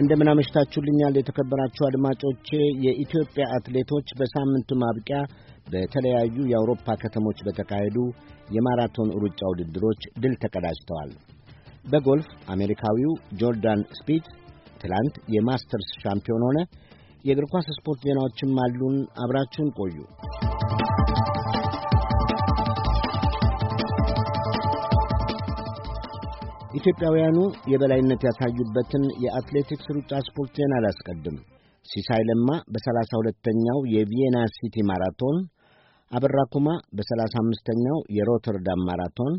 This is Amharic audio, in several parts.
እንደምን አመሽታችሁልኛል የተከበራችሁ አድማጮቼ። የኢትዮጵያ አትሌቶች በሳምንቱ ማብቂያ በተለያዩ የአውሮፓ ከተሞች በተካሄዱ የማራቶን ሩጫ ውድድሮች ድል ተቀዳጅተዋል። በጎልፍ አሜሪካዊው ጆርዳን ስፒት ትላንት የማስተርስ ሻምፒዮን ሆነ። የእግር ኳስ ስፖርት ዜናዎችም አሉን። አብራችሁን ቆዩ። ኢትዮጵያውያኑ የበላይነት ያሳዩበትን የአትሌቲክስ ሩጫ ስፖርቴን አላስቀድም። ሲሳይ ለማ በሰላሳ ሁለተኛው የቪየና ሲቲ ማራቶን፣ አበራ ኩማ በሰላሳ አምስተኛው የሮተርዳም ማራቶን፣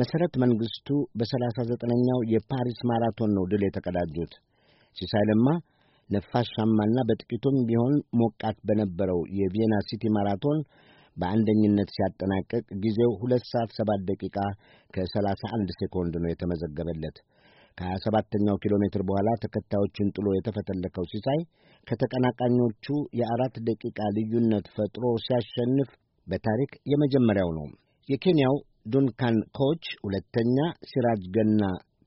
መሠረት መንግሥቱ በሰላሳ ዘጠነኛው የፓሪስ ማራቶን ነው ድል የተቀዳጁት። ሲሳይ ለማ ነፋሻማና በጥቂቱም ቢሆን ሞቃት በነበረው የቪየና ሲቲ ማራቶን በአንደኝነት ሲያጠናቅቅ ጊዜው ሁለት ሰዓት ሰባት ደቂቃ ከሰላሳ አንድ ሴኮንድ ነው የተመዘገበለት። ከሀያ ሰባተኛው ኪሎ ሜትር በኋላ ተከታዮችን ጥሎ የተፈተለከው ሲሳይ ከተቀናቃኞቹ የአራት ደቂቃ ልዩነት ፈጥሮ ሲያሸንፍ በታሪክ የመጀመሪያው ነው። የኬንያው ዱንካን ኮች ሁለተኛ፣ ሲራጅ ገና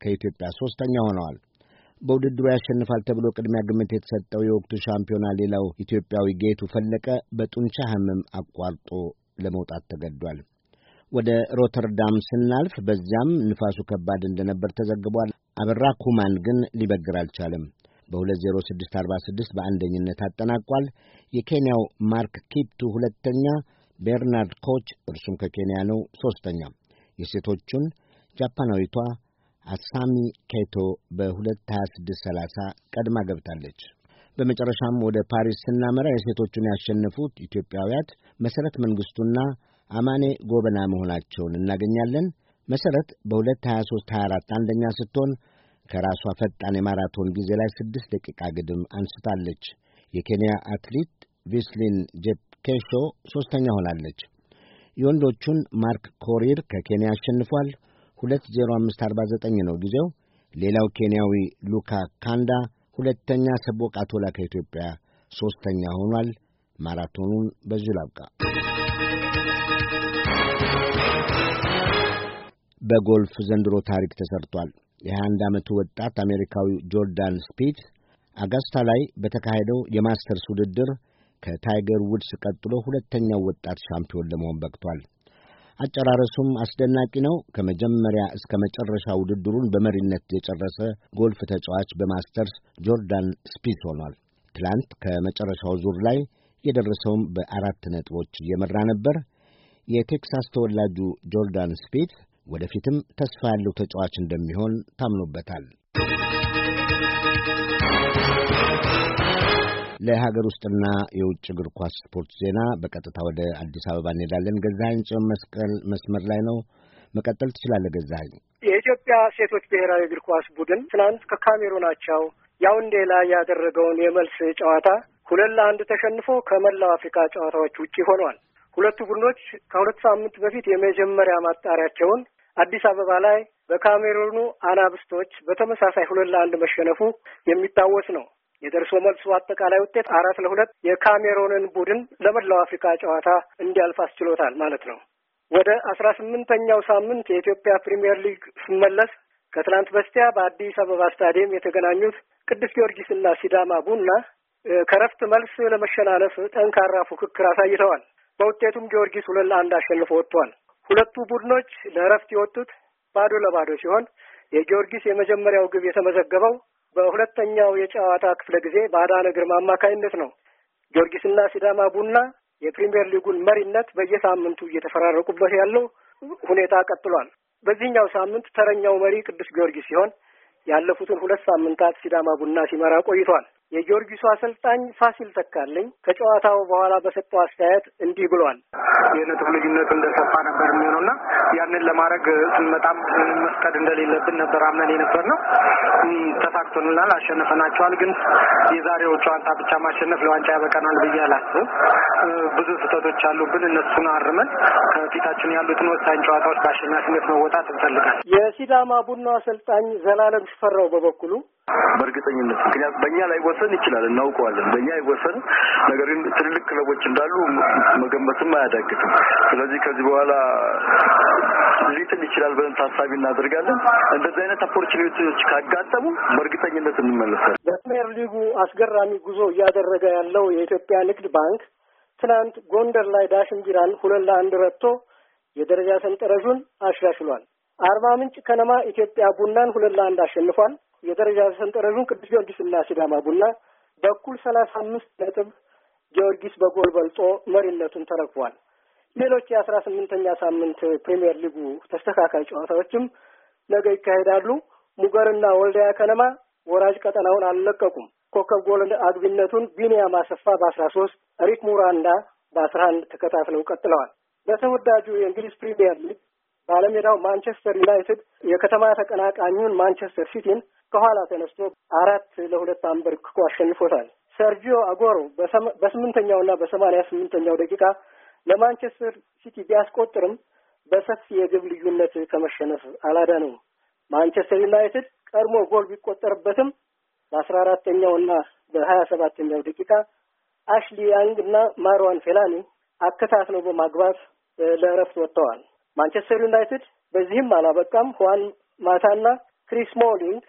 ከኢትዮጵያ ሦስተኛ ሆነዋል። በውድድሩ ያሸንፋል ተብሎ ቅድሚያ ግምት የተሰጠው የወቅቱ ሻምፒዮና ሌላው ኢትዮጵያዊ ጌቱ ፈለቀ በጡንቻ ሕመም አቋርጦ ለመውጣት ተገዷል። ወደ ሮተርዳም ስናልፍ በዚያም ንፋሱ ከባድ እንደነበር ተዘግቧል። አበራ ኩማን ግን ሊበግር አልቻለም። በ20646 በአንደኝነት አጠናቋል። የኬንያው ማርክ ኪፕቱ ሁለተኛ፣ ቤርናርድ ኮች እርሱም ከኬንያ ነው ሦስተኛ። የሴቶቹን ጃፓናዊቷ አሳሚ ኬቶ በ2፡26፡30 ቀድማ ገብታለች። በመጨረሻም ወደ ፓሪስ ስናመራ የሴቶቹን ያሸነፉት ኢትዮጵያውያት መሠረት መንግሥቱና አማኔ ጎበና መሆናቸውን እናገኛለን። መሠረት በ2፡23፡24 አንደኛ ስትሆን ከራሷ ፈጣን የማራቶን ጊዜ ላይ ስድስት ደቂቃ ግድም አንስታለች። የኬንያ አትሌት ቪስሊን ጄፕኬሾ ሦስተኛ ሆናለች። የወንዶቹን ማርክ ኮሪር ከኬንያ አሸንፏል። 20549 ነው ጊዜው። ሌላው ኬንያዊ ሉካ ካንዳ ሁለተኛ፣ ሰቦቃ ቶላ ከኢትዮጵያ ሦስተኛ ሆኗል። ማራቶኑን በዚሁ ላብቃ። በጎልፍ ዘንድሮ ታሪክ ተሰርቷል። የ21 ዓመቱ ወጣት አሜሪካዊው ጆርዳን ስፒት አጋስታ ላይ በተካሄደው የማስተርስ ውድድር ከታይገር ውድስ ቀጥሎ ሁለተኛው ወጣት ሻምፒዮን ለመሆን በቅቷል። አጨራረሱም አስደናቂ ነው። ከመጀመሪያ እስከ መጨረሻ ውድድሩን በመሪነት የጨረሰ ጎልፍ ተጫዋች በማስተርስ ጆርዳን ስፒስ ሆኗል። ትላንት ከመጨረሻው ዙር ላይ የደረሰውም በአራት ነጥቦች እየመራ ነበር። የቴክሳስ ተወላጁ ጆርዳን ስፒት ወደፊትም ተስፋ ያለው ተጫዋች እንደሚሆን ታምኖበታል። ለሀገር ውስጥና የውጭ እግር ኳስ ስፖርት ዜና በቀጥታ ወደ አዲስ አበባ እንሄዳለን። ገዛኸኝ ጽዮን መስቀል መስመር ላይ ነው። መቀጠል ትችላለህ ገዛኸኝ። የኢትዮጵያ ሴቶች ብሔራዊ እግር ኳስ ቡድን ትናንት ከካሜሩናቸው ያውንዴ ላይ ያደረገውን የመልስ ጨዋታ ሁለት ለአንድ ተሸንፎ ከመላው አፍሪካ ጨዋታዎች ውጪ ሆኗል። ሁለቱ ቡድኖች ከሁለት ሳምንት በፊት የመጀመሪያ ማጣሪያቸውን አዲስ አበባ ላይ በካሜሩኑ አናብስቶች በተመሳሳይ ሁለት ለአንድ መሸነፉ የሚታወስ ነው። የደርሶ መልሱ አጠቃላይ ውጤት አራት ለሁለት የካሜሮንን ቡድን ለመላው አፍሪካ ጨዋታ እንዲያልፍ አስችሎታል ማለት ነው። ወደ አስራ ስምንተኛው ሳምንት የኢትዮጵያ ፕሪምየር ሊግ ስመለስ ከትናንት በስቲያ በአዲስ አበባ ስታዲየም የተገናኙት ቅዱስ ጊዮርጊስና ሲዳማ ቡና ከረፍት መልስ ለመሸናነፍ ጠንካራ ፉክክር አሳይተዋል። በውጤቱም ጊዮርጊስ ሁለት ለአንድ አሸንፎ ወጥቷል። ሁለቱ ቡድኖች ለእረፍት የወጡት ባዶ ለባዶ ሲሆን የጊዮርጊስ የመጀመሪያው ግብ የተመዘገበው በሁለተኛው የጨዋታ ክፍለ ጊዜ በአዳነ ግርማ አማካይነት ነው ጊዮርጊስና ሲዳማ ቡና የፕሪምየር ሊጉን መሪነት በየሳምንቱ እየተፈራረቁበት ያለው ሁኔታ ቀጥሏል። በዚህኛው ሳምንት ተረኛው መሪ ቅዱስ ጊዮርጊስ ሲሆን ያለፉትን ሁለት ሳምንታት ሲዳማ ቡና ሲመራ ቆይቷል። የጊዮርጊሱ አሰልጣኝ ፋሲል ተካልኝ ከጨዋታው በኋላ በሰጠው አስተያየት እንዲህ ብሏል። የነጥብ ልዩነቱ እንደሰፋ ነበር የሚሆነው እና ያንን ለማድረግ ስንመጣም ምንም መፍቀድ እንደሌለብን ነበር አምነን የነበር ነው። ተሳክቶንላል፣ አሸንፈናቸዋል። ግን የዛሬው ጨዋታ ብቻ ማሸነፍ ለዋንጫ ያበቀናል ብዬ አላስብም። ብዙ ስህተቶች አሉብን። እነሱን አርመን ከፊታችን ያሉትን ወሳኝ ጨዋታዎች በአሸናፊነት መወጣት እንፈልጋል። የሲዳማ ቡና አሰልጣኝ ዘላለም ሽፈራው በበኩሉ በእርግጠኝነት ምክንያቱም በእኛ ወሰን ይችላል፣ እናውቀዋለን። በእኛ ይወሰን ነገር ግን ትልልቅ ክለቦች እንዳሉ መገመትም አያዳግትም። ስለዚህ ከዚህ በኋላ ሊጥል ይችላል ብለን ታሳቢ እናደርጋለን። እንደዚህ አይነት ኦፖርቹኒቲዎች ካጋጠሙ በእርግጠኝነት እንመለሳለን። በፕሪምየር ሊጉ አስገራሚ ጉዞ እያደረገ ያለው የኢትዮጵያ ንግድ ባንክ ትናንት ጎንደር ላይ ዳሽን ቢራን ሁለት ለአንድ ረትቶ የደረጃ ሰንጠረዡን አሻሽሏል። አርባ ምንጭ ከነማ ኢትዮጵያ ቡናን ሁለት ለአንድ አሸንፏል። የደረጃ ሰንጠረዡን ቅዱስ ጊዮርጊስና ሲዳማ ቡና በኩል ሰላሳ አምስት ነጥብ ጊዮርጊስ በጎል በልጦ መሪነቱን ተረክቧል። ሌሎች የአስራ ስምንተኛ ሳምንት ፕሪምየር ሊጉ ተስተካካይ ጨዋታዎችም ነገ ይካሄዳሉ። ሙገርና ወልዳያ ከነማ ወራጅ ቀጠናውን አልለቀቁም። ኮከብ ጎል አግቢነቱን ቢኒያም አሰፋ በአስራ ሶስት ሪክ ሙራንዳ በአስራ አንድ ተከታትለው ቀጥለዋል። በተወዳጁ የእንግሊዝ ፕሪምየር ሊግ ባለሜዳው ማንቸስተር ዩናይትድ የከተማ ተቀናቃኙን ማንቸስተር ሲቲን ከኋላ ተነስቶ አራት ለሁለት አንበርክኮ አሸንፎታል። ሰርጂዮ አጎሮ በስምንተኛውና በሰማንያ ስምንተኛው ደቂቃ ለማንቸስተር ሲቲ ቢያስቆጥርም በሰፊ የግብ ልዩነት ከመሸነፍ አላዳነውም። ማንቸስተር ዩናይትድ ቀድሞ ጎል ቢቆጠርበትም በአስራ አራተኛውና በሀያ ሰባተኛው ደቂቃ አሽሊ ያንግ እና ማርዋን ፌላኒ አከታትለው በማግባት ለእረፍት ወጥተዋል። ማንቸስተር ዩናይትድ በዚህም አላበቃም። ሁዋን ማታና ክሪስ ሞሊንግ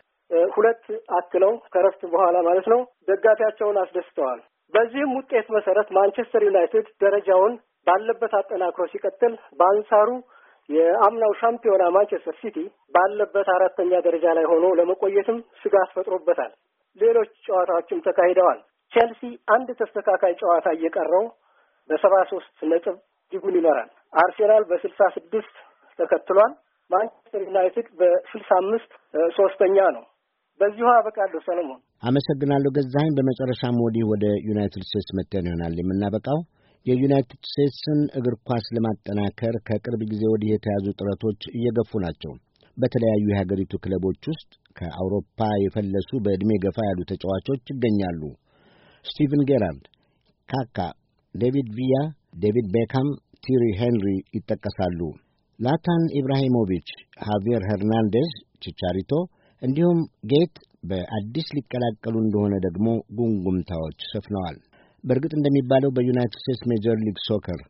ሁለት አክለው ከረፍት በኋላ ማለት ነው ደጋፊያቸውን አስደስተዋል። በዚህም ውጤት መሰረት ማንቸስተር ዩናይትድ ደረጃውን ባለበት አጠናክሮ ሲቀጥል፣ በአንሳሩ የአምናው ሻምፒዮና ማንቸስተር ሲቲ ባለበት አራተኛ ደረጃ ላይ ሆኖ ለመቆየትም ስጋት ፈጥሮበታል። ሌሎች ጨዋታዎችም ተካሂደዋል። ቼልሲ አንድ ተስተካካይ ጨዋታ እየቀረው በሰባ ሶስት ነጥብ ሊጉን ይመራል። አርሴናል በስልሳ ስድስት ተከትሏል። ማንቸስተር ዩናይትድ በስልሳ አምስት ሶስተኛ ነው። በዚሁ አበቃለሁ። ሰለሞን አመሰግናለሁ። ገዛኸኝ፣ በመጨረሻም ወዲህ ወደ ዩናይትድ ስቴትስ መተን ይሆናል የምናበቃው። የዩናይትድ ስቴትስን እግር ኳስ ለማጠናከር ከቅርብ ጊዜ ወዲህ የተያዙ ጥረቶች እየገፉ ናቸው። በተለያዩ የሀገሪቱ ክለቦች ውስጥ ከአውሮፓ የፈለሱ በዕድሜ ገፋ ያሉ ተጫዋቾች ይገኛሉ። ስቲቨን ጌራርድ፣ ካካ፣ ዴቪድ ቪያ፣ ዴቪድ ቤካም ቲሪ ሄንሪ ይጠቀሳሉ። ላታን ኢብራሂሞቪች፣ ሃቪየር ሄርናንዴዝ፣ ቺቻሪቶ እንዲሁም ጌት በአዲስ ሊቀላቀሉ እንደሆነ ደግሞ ጉንጉምታዎች ሰፍነዋል። በእርግጥ እንደሚባለው በዩናይትድ ስቴትስ ሜጀር ሊግ ሶከር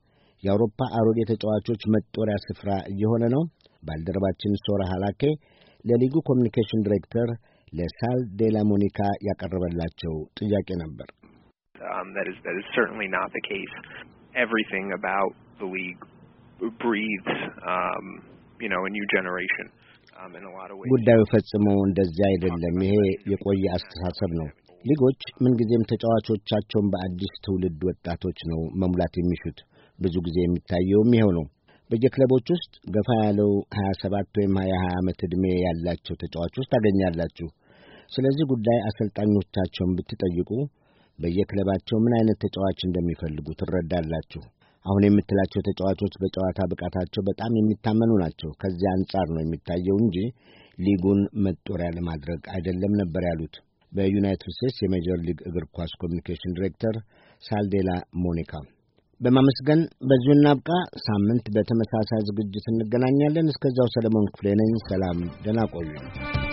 የአውሮፓ አሮጌ ተጫዋቾች መጦሪያ ስፍራ እየሆነ ነው። ባልደረባችን ሶራ ሃላኬ ለሊጉ ኮሚኒኬሽን ዲሬክተር ለሳል ዴላ ሞኒካ ያቀረበላቸው ጥያቄ ነበር። um, the league breathes, um, you know, a new generation. Um, ጉዳዩ ፈጽሞ እንደዚህ አይደለም። ይሄ የቆየ አስተሳሰብ ነው። ሊጎች ምንጊዜም ተጫዋቾቻቸውን በአዲስ ትውልድ ወጣቶች ነው መሙላት የሚሹት። ብዙ ጊዜ የሚታየውም ይኸው ነው። በየክለቦች ውስጥ ገፋ ያለው ሀያ ሰባት ወይም ሀያ ሀያ ዓመት ዕድሜ ያላቸው ተጫዋቾች ታገኛላችሁ። ስለዚህ ጉዳይ አሰልጣኞቻቸውን ብትጠይቁ በየክለባቸው ምን አይነት ተጫዋች እንደሚፈልጉ ትረዳላችሁ። አሁን የምትላቸው ተጫዋቾች በጨዋታ ብቃታቸው በጣም የሚታመኑ ናቸው። ከዚያ አንጻር ነው የሚታየው እንጂ ሊጉን መጦሪያ ለማድረግ አይደለም ነበር ያሉት በዩናይትድ ስቴትስ የሜጀር ሊግ እግር ኳስ ኮሚኒኬሽን ዲሬክተር ሳልዴላ ሞኒካ። በማመስገን በዚሁ እናብቃ። ሳምንት በተመሳሳይ ዝግጅት እንገናኛለን። እስከዚያው ሰለሞን ክፍሌ ነኝ። ሰላም፣ ደህና ቆዩ።